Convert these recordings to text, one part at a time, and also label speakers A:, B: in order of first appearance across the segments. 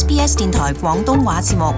A: SBS 電台廣東話節目，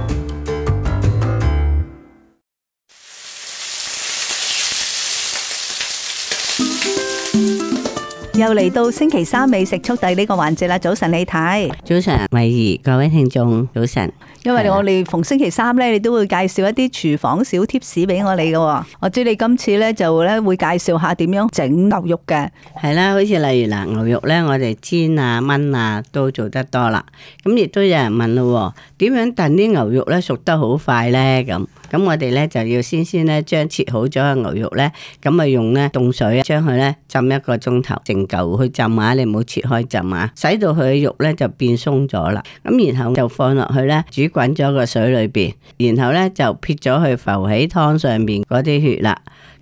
A: 又嚟到星期三美食速遞呢個環節啦！早晨，你睇，
B: 早晨，米兒，各位聽眾，早晨。
A: 因為我哋逢星期三咧，你都會介紹一啲廚房小貼士俾我哋嘅哦。我知你今次咧就咧會介紹下點樣整牛肉嘅，係啦，好
B: 似例如嗱，牛肉咧我哋煎啊、炆啊都做得多啦。咁亦都有人問咯，點樣燉啲牛肉咧熟得好快咧咁？咁我哋咧就要先先咧，將切好咗嘅牛肉咧，咁啊用咧凍水將佢咧浸一個鐘頭，整嚿去浸下、啊，你唔好切開浸下、啊，使到佢嘅肉咧就變鬆咗啦。咁然後就放落去咧煮滾咗個水裏邊，然後咧就撇咗去浮喺湯上邊嗰啲血啦。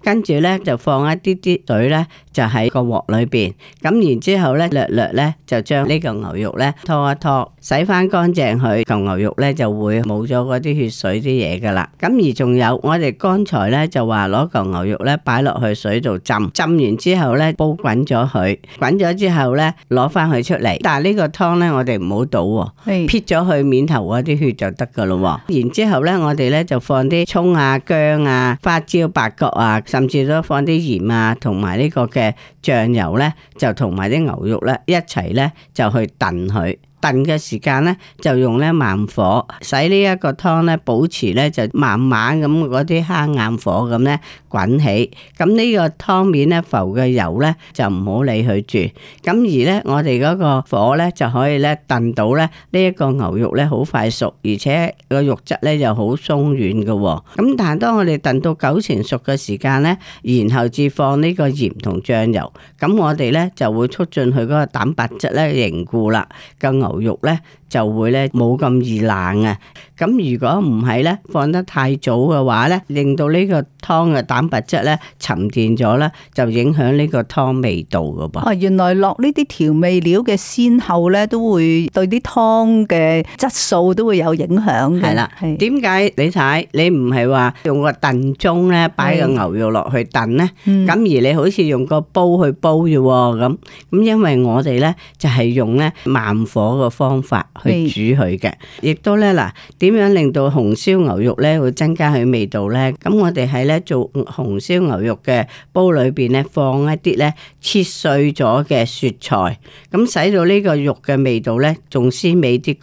B: 跟住呢，就放一啲啲水呢，就喺個鑊裏邊。咁然之後咧，略略呢，就將呢個牛肉呢，拖一拖，洗翻乾淨佢，嚿牛肉呢，就會冇咗嗰啲血水啲嘢噶啦。咁而仲有，我哋剛才呢，就話攞嚿牛肉呢，擺落去水度浸，浸完之後呢，煲滾咗佢，滾咗之後呢，攞翻佢出嚟。但係呢個湯呢，我哋唔好倒喎、哦，撇咗佢面頭嗰啲血就得噶咯。然之後咧我哋呢，就放啲蔥啊、薑啊、花椒、八角啊。甚至都放啲鹽啊，同埋呢個嘅醬油呢，就同埋啲牛肉呢，一齊呢，就去燉佢。燉嘅時間咧，就用咧慢火，使呢一個湯咧保持咧就慢慢咁嗰啲蝦硬火咁咧滾起。咁呢個湯面咧浮嘅油咧就唔好理佢住。咁而咧我哋嗰個火咧就可以咧燉到咧呢一個牛肉咧好快熟，而且個肉質咧又好鬆軟嘅。咁但係當我哋燉到九成熟嘅時間咧，然後至放呢個鹽同醬油。咁我哋咧就會促進佢嗰個蛋白質咧凝固啦，更。牛肉咧就會咧冇咁易爛啊！咁如果唔係咧，放得太早嘅話咧，令到呢個湯嘅蛋白質咧沉澱咗咧，就影響呢個湯味道噶噃。哦，
A: 原來落呢啲調味料嘅先後咧，都會對啲湯嘅質素都會有影響。係啦，係
B: 點解你睇你唔係話用個燉盅咧，擺個牛肉落去燉咧？嗯。咁而你好似用個煲去煲啫喎，咁咁因為我哋咧就係用咧慢火。個方法去煮佢嘅，亦都咧嗱，點樣令到紅燒牛肉咧會增加佢味道咧？咁、嗯、我哋喺咧做紅燒牛肉嘅煲裏邊咧放一啲咧切碎咗嘅雪菜，咁使到呢個肉嘅味道咧仲鮮美啲嘅。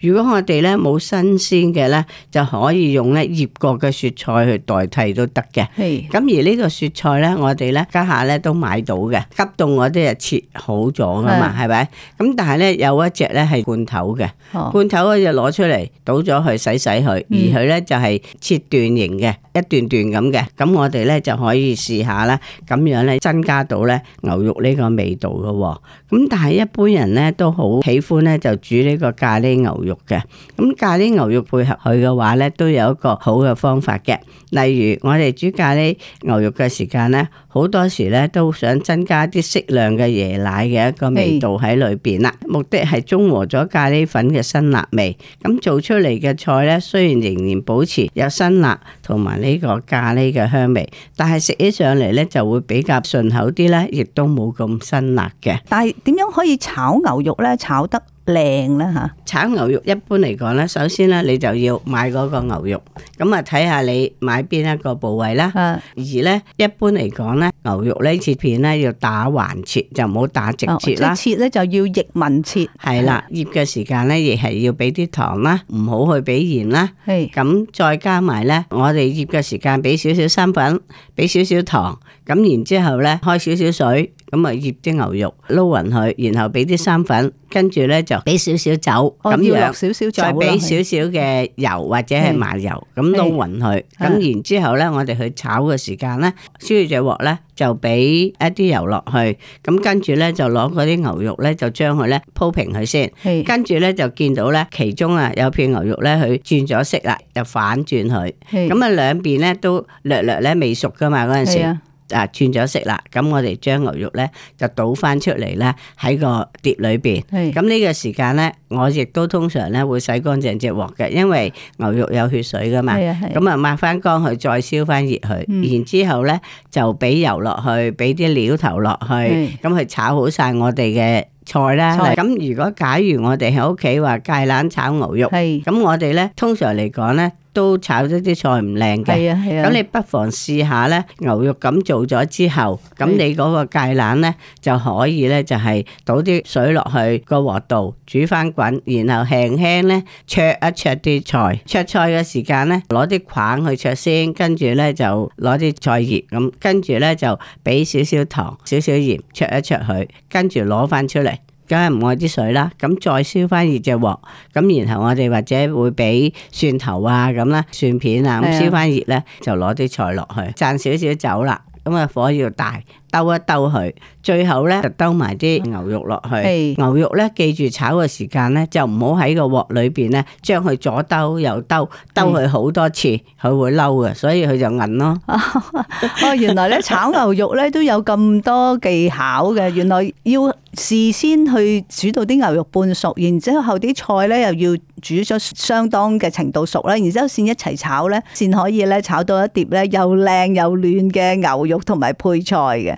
B: 如果我哋咧冇新鮮嘅咧，就可以用咧醃過嘅雪菜去代替都得嘅。係咁、嗯、而呢個雪菜咧，我哋咧家下咧都買到嘅，急凍我啲啊切好咗噶嘛，係咪是？咁但係咧有一。隻咧係罐頭嘅，罐頭嗰隻攞出嚟倒咗去洗洗佢，而佢咧就係切段型嘅，一段段咁嘅。咁我哋咧就可以試下啦，咁樣咧增加到咧牛肉呢個味道嘅，哦。咁但係一般人咧都好喜歡咧就煮呢個咖喱牛肉嘅。咁咖喱牛肉配合佢嘅話咧，都有一個好嘅方法嘅。例如我哋煮咖喱牛肉嘅時間咧，好多時咧都想增加啲適量嘅椰奶嘅一個味道喺裏邊啦，是目的係。中和咗咖喱粉嘅辛辣味，咁做出嚟嘅菜咧，雖然仍然保持有辛辣同埋呢個咖喱嘅香味，但係食起上嚟咧就會比較順口啲咧，亦都冇咁辛辣嘅。
A: 但係點樣可以炒牛肉呢？炒得？靚啦嚇！炒牛肉一般
B: 嚟講咧，首先咧你就要買嗰個牛肉，咁啊睇下你買邊一個部位啦。是而咧一般嚟講咧，牛肉呢切片咧要打橫切，就唔好打直切啦。哦、切
A: 咧就要逆紋切。係啦是，
B: 是醃嘅時間咧亦係要俾啲糖啦，唔好去俾鹽啦。係是。咁再加埋咧，我哋醃嘅時間俾少少生粉，俾少少糖，咁然之後咧開少少水。咁啊，醃啲牛肉撈勻佢，然後俾啲生粉，跟住咧就俾少少酒，咁要落少少再俾少少嘅油或者係麻油，咁撈勻佢。咁然之後咧，我哋去炒嘅時間咧，燒住隻鑊咧，就俾一啲油落去，咁跟住咧就攞嗰啲牛肉咧，就將佢咧鋪平佢先。跟住咧就見到咧，其中啊有片牛肉咧，佢轉咗色啦，就反轉佢。咁啊兩邊咧都略略咧未熟噶嘛，嗰陣時。啊，轉咗色啦，咁我哋將牛肉咧就倒翻出嚟咧喺個碟裏邊。咁呢是個時間咧，我亦都通常咧會洗乾淨隻鑊嘅，因為牛肉有血水噶嘛。咁啊是抹翻乾、嗯、去，再燒翻熱佢，然之後咧就俾油落去，俾啲料頭落去，咁去炒好晒我哋嘅菜啦。咁是如果假如我哋喺屋企話芥蘭炒牛肉，咁是我哋咧通常嚟講咧。都炒咗啲菜唔靚嘅，咁、啊啊、你不妨試下呢。牛肉咁做咗之後，咁、嗯、你嗰個芥蘭呢，就可以呢，就係、是、倒啲水落去個鑊度煮翻滾，然後輕輕呢，灼一灼啲菜。灼菜嘅時間呢，攞啲棒去灼先，跟住呢，就攞啲菜葉咁，跟住呢，就俾少少糖、少少鹽灼一灼佢，跟住攞翻出嚟。梗係唔愛啲水啦，咁再燒翻熱隻鑊，咁然後我哋或者會俾蒜頭啊咁啦，蒜片啊咁燒翻熱咧，就攞啲菜落去，灒少少酒啦，咁啊火要大。兜一兜佢，最後咧就兜埋啲牛肉落去。哎、牛肉咧，記住炒嘅時間咧，就唔好喺個鑊裏邊咧，將佢左兜右兜，哎、兜佢好多次，佢會嬲嘅，所以佢就韌咯。
A: 哦，原來咧炒牛肉咧都有咁多技巧嘅。 原來要事先去煮到啲牛肉半熟，然之後後啲菜咧又要煮咗相當嘅程度熟啦，然之後先一齊炒咧，先可以咧炒到一碟咧又靚又嫩嘅牛肉同埋配菜嘅。